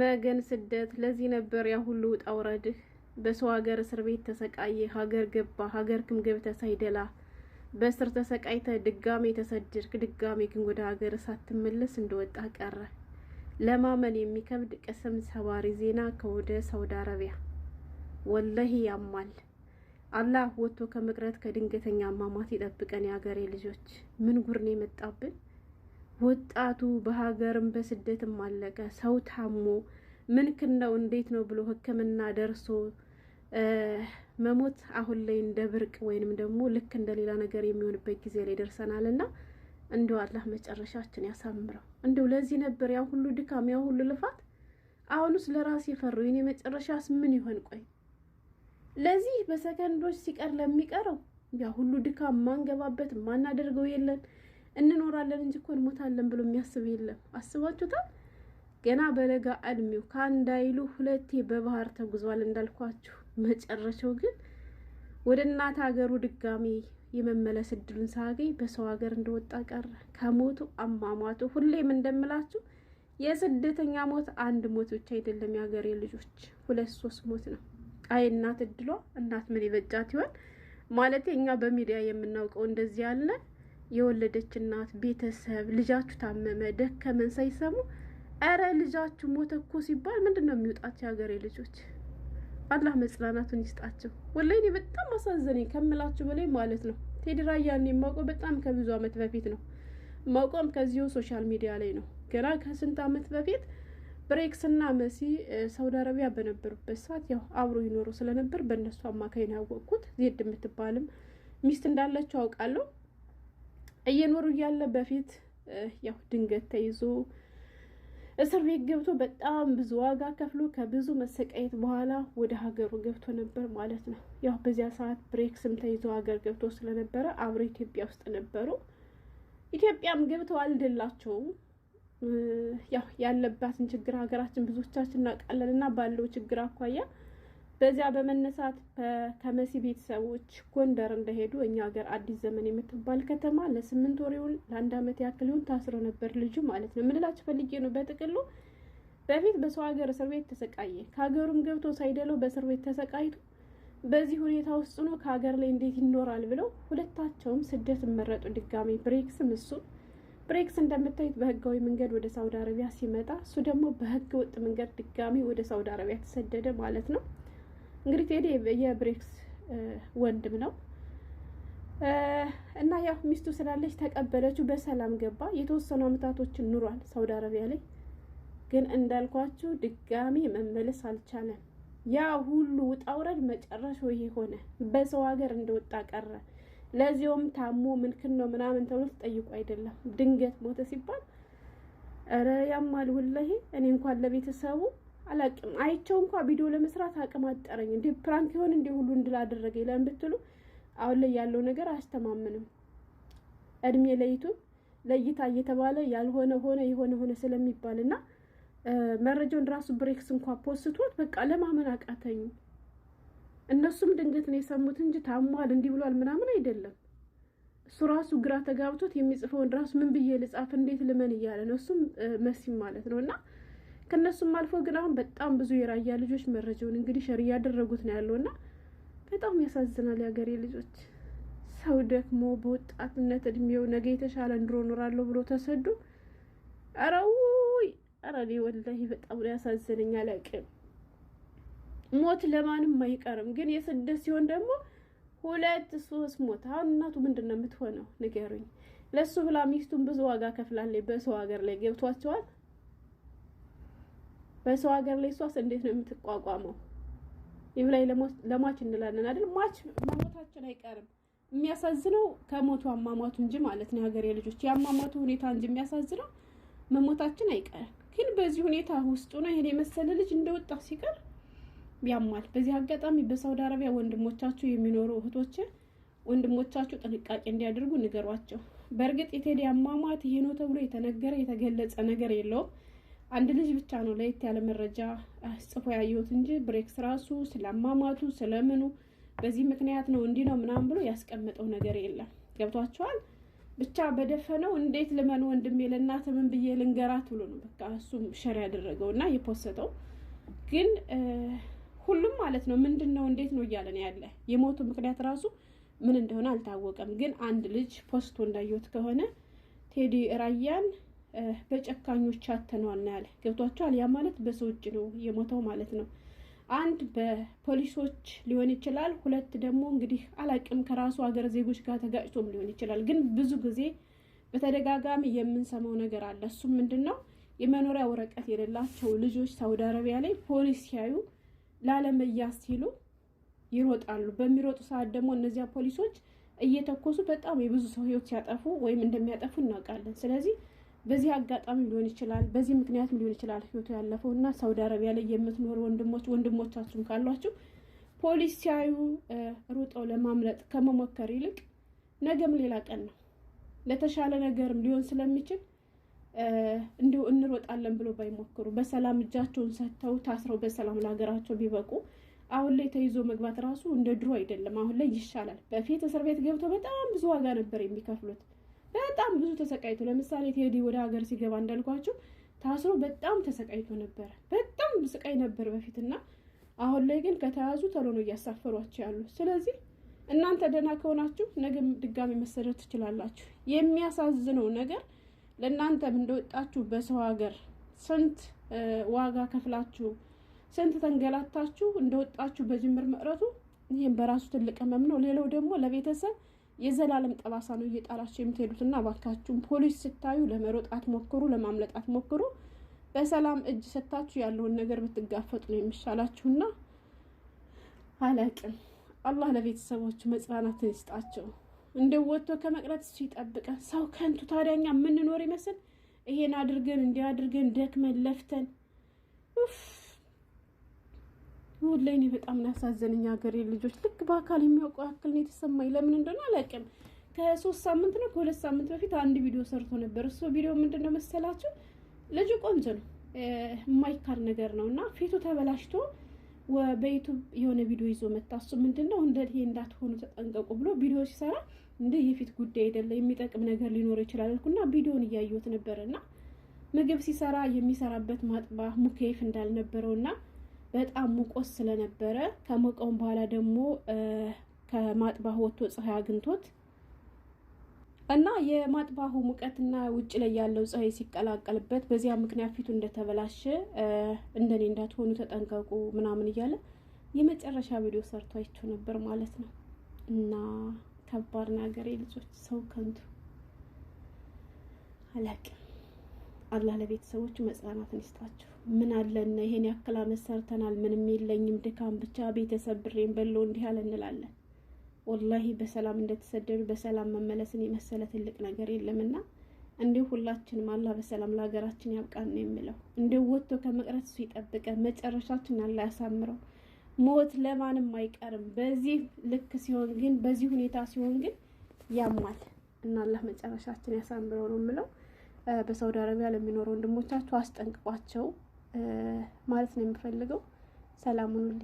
መገን ስደት ለዚህ ነበር ያ ሁሉ ውጣ ውረድህ። በሰው ሀገር እስር ቤት ተሰቃየ፣ ሀገር ገባ፣ ሀገር ክም ገብተ ሳይደላ በእስር ተሰቃይተ ድጋሜ ተሰድርክ። ድጋሜ ግን ወደ ሀገር ሳትመለስ እንደወጣ ቀረ። ለማመን የሚከብድ ቅስም ሰባሪ ዜና ከወደ ሳውዲ አረቢያ። ወላሂ ያማል። አላህ ወጥቶ ከመቅረት ከድንገተኛ አሟሟት ይጠብቀን። የሀገሬ ልጆች ምን ጉርን የመጣብን ወጣቱ በሀገርም በስደትም አለቀ። ሰው ታሞ ምንክን ነው እንዴት ነው ብሎ ሕክምና ደርሶ መሞት አሁን ላይ እንደ ብርቅ ወይንም ደግሞ ልክ እንደ ሌላ ነገር የሚሆንበት ጊዜ ላይ ደርሰናል እና እንደው አላህ መጨረሻችን ያሳምረው። እንደው ለዚህ ነበር ያ ሁሉ ድካም፣ ያ ሁሉ ልፋት። አሁንስ ለራሴ ፈረው የኔ መጨረሻስ ምን ይሆን? ቆይ ለዚህ በሰከንዶች ሲቀር ለሚቀረው ያ ሁሉ ድካም ማንገባበት ማናደርገው የለን እንኖራለን እንጂ እኮ እንሞታለን ብሎ የሚያስብ የለም። አስባችሁታል? ገና በለጋ እድሜው ከአንድ አይሉ ሁለቴ በባህር ተጉዟል እንዳልኳችሁ። መጨረሻው ግን ወደ እናት ሀገሩ ድጋሚ የመመለስ እድሉን ሳገኝ በሰው ሀገር እንደወጣ ቀረ። ከሞቱ አሟሟቱ ሁሌም እንደምላችሁ የስደተኛ ሞት አንድ ሞት ብቻ አይደለም። የሀገሬ ልጆች ሁለት ሶስት ሞት ነው። አይ እናት እድሏ እናት ምን ይበጃት ይሆን ማለት እኛ በሚዲያ የምናውቀው እንደዚህ ያለ የወለደች እናት ቤተሰብ ልጃችሁ ታመመ ደከመን ሳይሰሙ ኧረ ልጃችሁ ሞተ እኮ ሲባል ምንድን ነው የሚወጣቸው የሀገሬ ልጆች? አላህ መጽናናቱን ይስጣቸው። ወላሂ እኔ በጣም አሳዘነኝ ከምላችሁ በላይ ማለት ነው። ቴዲ ራያን የማውቀው በጣም ከብዙ ዓመት በፊት ነው። ማውቀውም ከዚሁ ሶሻል ሚዲያ ላይ ነው። ገና ከስንት አመት በፊት ብሬክስና መሲ ሳውዲ አረቢያ በነበሩበት ሰዓት ያው አብሮ ይኖሩ ስለነበር በእነሱ አማካኝ ነው ያወቅኩት። ዜድ የምትባልም ሚስት እንዳለችው አውቃለሁ። እየኖሩ እያለ በፊት ያው ድንገት ተይዞ እስር ቤት ገብቶ በጣም ብዙ ዋጋ ከፍሎ ከብዙ መሰቃየት በኋላ ወደ ሀገሩ ገብቶ ነበር ማለት ነው። ያው በዚያ ሰዓት ብሬክስም ተይዞ ሀገር ገብቶ ስለነበረ አብረ ኢትዮጵያ ውስጥ ነበሩ። ኢትዮጵያም ገብተው አልደላቸውም። ያው ያለባትን ችግር ሀገራችን ብዙዎቻችን እናውቃለን እና ባለው ችግር አኳያ በዚያ በመነሳት ከመሲ ቤተሰቦች ጎንደር እንደሄዱ እኛ ሀገር አዲስ ዘመን የምትባል ከተማ ለስምንት ይሁን ለአንድ ዓመት ያክል ይሁን ታስሮ ነበር ልጁ ማለት ነው። ምንላቸው ፈልጌ ነው በጥቅሉ በፊት በሰው ሀገር እስር ቤት ተሰቃየ። ከሀገሩም ገብቶ ሳይደለው በእስር ቤት ተሰቃይቶ በዚህ ሁኔታ ውስጥ ነው ከሀገር ላይ እንዴት ይኖራል ብለው ሁለታቸውም ስደት መረጡ። ድጋሚ ብሬክስም እሱ ብሬክስ እንደምታዩት በህጋዊ መንገድ ወደ ሳውዲ አረቢያ ሲመጣ እሱ ደግሞ በህገ ወጥ መንገድ ድጋሚ ወደ ሳውዲ አረቢያ ተሰደደ ማለት ነው። እንግዲህ ቴዲ የብሬክስ ወንድም ነው እና ያው ሚስቱ ስላለች ተቀበለችው። በሰላም ገባ። የተወሰኑ አመታቶችን ኑሯል ሳውዲ አረቢያ ላይ። ግን እንዳልኳችሁ ድጋሚ መመለስ አልቻለም። ያ ሁሉ ውጣውረድ መጨረሻው ይሄ ሆነ። በሰው ሀገር እንደወጣ ቀረ። ለዚውም ታሞ ምንክን ነው ምናምን ተብሎ ተጠይቆ አይደለም ድንገት ሞተ ሲባል ኧረ ያማል ወላሂ እኔ እንኳን ለቤተሰቡ አላቅም አይቸው እንኳ ቪዲዮ ለመስራት አቅም አጠረኝ። እንዲ ፕራንክ ይሆን እንዲ ሁሉ እንድላደረገ ይለን ብትሉ አሁን ላይ ያለው ነገር አያስተማምንም። እድሜ ለይቱ ለይታ እየተባለ ያልሆነ ሆነ የሆነ ሆነ ስለሚባል እና መረጃውን ራሱ ብሬክስ እንኳ ፖስቶት በቃ ለማመን አቃተኝ። እነሱም ድንገት ነው የሰሙት እንጂ ታሟል እንዲህ ብሏል ምናምን አይደለም። እሱ ራሱ ግራ ተጋብቶት የሚጽፈውን ራሱ ምን ብዬ ልጻፍ እንዴት ልመን እያለ ነው እሱም መሲም ማለት ነው እና ከነሱም አልፎ ግን አሁን በጣም ብዙ የራያ ልጆች መረጃውን እንግዲህ ሸር እያደረጉት ነው ያለው እና በጣም ያሳዝናል። የሀገሬ ልጆች ሰው ደክሞ በወጣትነት እድሜው ነገ የተሻለ ኑሮ እኖራለሁ ብሎ ተሰዱ። አረውይ አረኔ ወላሂ በጣም ነው ያሳዝነኝ። አላውቅም ሞት ለማንም አይቀርም፣ ግን የስደት ሲሆን ደግሞ ሁለት ሶስት ሞት። አሁን እናቱ ምንድን ነው የምትሆነው? ንገሩኝ። ለእሱ ብላ ሚስቱን ብዙ ዋጋ ከፍላለች። በሰው ሀገር ላይ ገብቷቸዋል። በሰው ሀገር ላይ ሷስ እንዴት ነው የምትቋቋመው? ይህ ላይ ለሟች እንላለን አይደል? ሟች መሞታችን አይቀርም። የሚያሳዝነው ከሞቱ አሟሟቱ እንጂ ማለት ነው የሀገሬ ልጆች፣ የአሟሟቱ ሁኔታ እንጂ የሚያሳዝነው መሞታችን አይቀርም። ግን በዚህ ሁኔታ ውስጡ ነው ይሄን የመሰለ ልጅ እንደወጣ ሲቀር ያማል። በዚህ አጋጣሚ በሳውዲ አረቢያ ወንድሞቻችሁ የሚኖሩ እህቶች ወንድሞቻችሁ ጥንቃቄ እንዲያደርጉ ንገሯቸው። በእርግጥ የቴዲ አሟሟት ይሄ ነው ተብሎ የተነገረ የተገለጸ ነገር የለውም። አንድ ልጅ ብቻ ነው ለየት ያለ መረጃ ጽፎ ያየሁት እንጂ ብሬክስ ራሱ ስለማማቱ ስለምኑ በዚህ ምክንያት ነው እንዲህ ነው ምናምን ብሎ ያስቀመጠው ነገር የለም። ገብቷቸዋል። ብቻ በደፈነው እንዴት ልመን ወንድሜ ለእናት ምን ብዬ ልንገራት ብሎ ነው በቃ እሱም ሸር ያደረገው እና የፖሰተው ግን ሁሉም ማለት ነው ምንድን ነው እንዴት ነው እያለ ያለ። የሞቱ ምክንያት ራሱ ምን እንደሆነ አልታወቀም። ግን አንድ ልጅ ፖስቶ እንዳየሁት ከሆነ ቴዲ ራያን በጨካኞች አተነዋል ነው ያለ። ገብቷቸዋል። ያ ማለት በሰው እጅ ነው የሞተው ማለት ነው። አንድ በፖሊሶች ሊሆን ይችላል። ሁለት ደግሞ እንግዲህ አላቅም ከራሱ ሀገር ዜጎች ጋር ተጋጭቶም ሊሆን ይችላል። ግን ብዙ ጊዜ በተደጋጋሚ የምንሰማው ነገር አለ። እሱም ምንድን ነው የመኖሪያ ወረቀት የሌላቸው ልጆች ሳውዲ አረቢያ ላይ ፖሊስ ሲያዩ ላለመያዝ ሲሉ ይሮጣሉ። በሚሮጡ ሰዓት ደግሞ እነዚያ ፖሊሶች እየተኮሱ በጣም የብዙ ሰው ህይወት ሲያጠፉ ወይም እንደሚያጠፉ እናውቃለን። ስለዚህ በዚህ አጋጣሚ ሊሆን ይችላል፣ በዚህ ምክንያትም ሊሆን ይችላል ህይወቱ ያለፈው እና ሳውዲ አረቢያ ላይ የምትኖር ወንድሞች ወንድሞቻችሁም ካሏችሁ ፖሊስ ሲያዩ ሩጠው ለማምለጥ ከመሞከር ይልቅ ነገም ሌላ ቀን ነው፣ ለተሻለ ነገርም ሊሆን ስለሚችል እንዲሁ እንሮጣለን ብሎ ባይሞክሩ በሰላም እጃቸውን ሰጥተው ታስረው በሰላም ለሀገራቸው ቢበቁ አሁን ላይ ተይዞ መግባት ራሱ እንደ ድሮ አይደለም። አሁን ላይ ይሻላል። በፊት እስር ቤት ገብተው በጣም ብዙ ዋጋ ነበር የሚከፍሉት። በጣም ብዙ ተሰቃይቶ፣ ለምሳሌ ቴዲ ወደ ሀገር ሲገባ እንዳልኳችሁ ታስሮ በጣም ተሰቃይቶ ነበረ። በጣም ስቃይ ነበር በፊትና አሁን ላይ ግን ከተያዙ ተሎ ነው እያሳፈሯቸው ያሉ። ስለዚህ እናንተ ደህና ከሆናችሁ ነገ ድጋሚ መሰረት ትችላላችሁ። የሚያሳዝነው ነገር ለእናንተም እንደወጣችሁ በሰው ሀገር ስንት ዋጋ ከፍላችሁ ስንት ተንገላታችሁ እንደወጣችሁ በጅምር መቅረቱ ይህም በራሱ ትልቅ ህመም ነው። ሌላው ደግሞ ለቤተሰብ የዘላለም ጠባሳ ነው እየጣላችሁ የምትሄዱትና እባካችሁም ፖሊስ ስታዩ ለመሮጥ አትሞክሩ፣ ለማምለጥ አትሞክሩ። በሰላም እጅ ሰጥታችሁ ያለውን ነገር ብትጋፈጡ ነው የሚሻላችሁና አላቅም። አላህ ለቤተሰቦቹ መጽናናትን ይስጣቸው። እንደ ወጥቶ ከመቅረት እሱ ይጠብቀን። ሰው ከንቱ ታዲያኛ የምንኖር ይመስል ይሄን አድርገን እንዲያድርገን አድርገን ደክመን ለፍተን ወላሂ እኔ በጣም ነው ያሳዘነኝ። ሀገሬ ልጆች ልክ በአካል የሚያውቀው ያክል ነው የተሰማኝ። ለምን እንደሆነ አላውቅም። ከሶስት ሳምንት ነው ከሁለት ሳምንት በፊት አንድ ቪዲዮ ሰርቶ ነበር። እሱ ቪዲዮ ምንድን ነው መሰላችሁ? ልጁ ቆንጆ ነው የማይካድ ነገር ነው እና ፊቱ ተበላሽቶ በዩቱብ የሆነ ቪዲዮ ይዞ መጣ። እሱ ምንድን ነው እንደ ይሄ እንዳትሆኑ ተጠንቀቁ ብሎ ቪዲዮ ሲሰራ እንደ የፊት ጉዳይ አይደለ የሚጠቅም ነገር ሊኖር ይችላል አልኩና ቪዲዮን እያየሁት ነበር እና ምግብ ሲሰራ የሚሰራበት ማጥባ ሙኬፍ እንዳልነበረው እንዳልነበረውና በጣም ሙቆስ ስለነበረ ከሞቀውም በኋላ ደግሞ ከማጥባህ ወጥቶ ፀሐይ አግኝቶት እና የማጥባሁ ሙቀትና ውጭ ላይ ያለው ፀሐይ ሲቀላቀልበት በዚያ ምክንያት ፊቱ እንደተበላሸ እንደኔ እንዳትሆኑ ተጠንቀቁ ምናምን እያለ የመጨረሻ ቪዲዮ ሰርቶ አይቼው ነበር ማለት ነው። እና ከባድ ነገር ልጆች፣ ሰው ከንቱ አላውቅም። አላህ ለቤተሰቦቹ መጽናናትን ይስጣችሁ። ምን አለና ይሄን ያክል አመት ሰርተናል፣ ምንም የለኝም፣ ድካም ብቻ ቤተሰብ ብሬን በሎ እንዲህ ያለ እንላለን። ወላሂ በሰላም እንደተሰደዱ በሰላም መመለስን የመሰለ ትልቅ ነገር የለምና እንዲሁ ሁላችንም አላህ በሰላም ለሀገራችን ያብቃን ነው የሚለው። እንዲሁ ወጥቶ ከመቅረት እሱ ይጠብቀ፣ መጨረሻችን አላህ ያሳምረው። ሞት ለማንም አይቀርም። በዚህ ልክ ሲሆን ግን፣ በዚህ ሁኔታ ሲሆን ግን ያማል እና አላህ መጨረሻችን ያሳምረው ነው የምለው። በሳውዲ አረቢያ ለሚኖሩ ወንድሞቻችሁ አስጠንቅቋቸው ማለት ነው የምፈልገው። ሰላም ሁኑልኝ።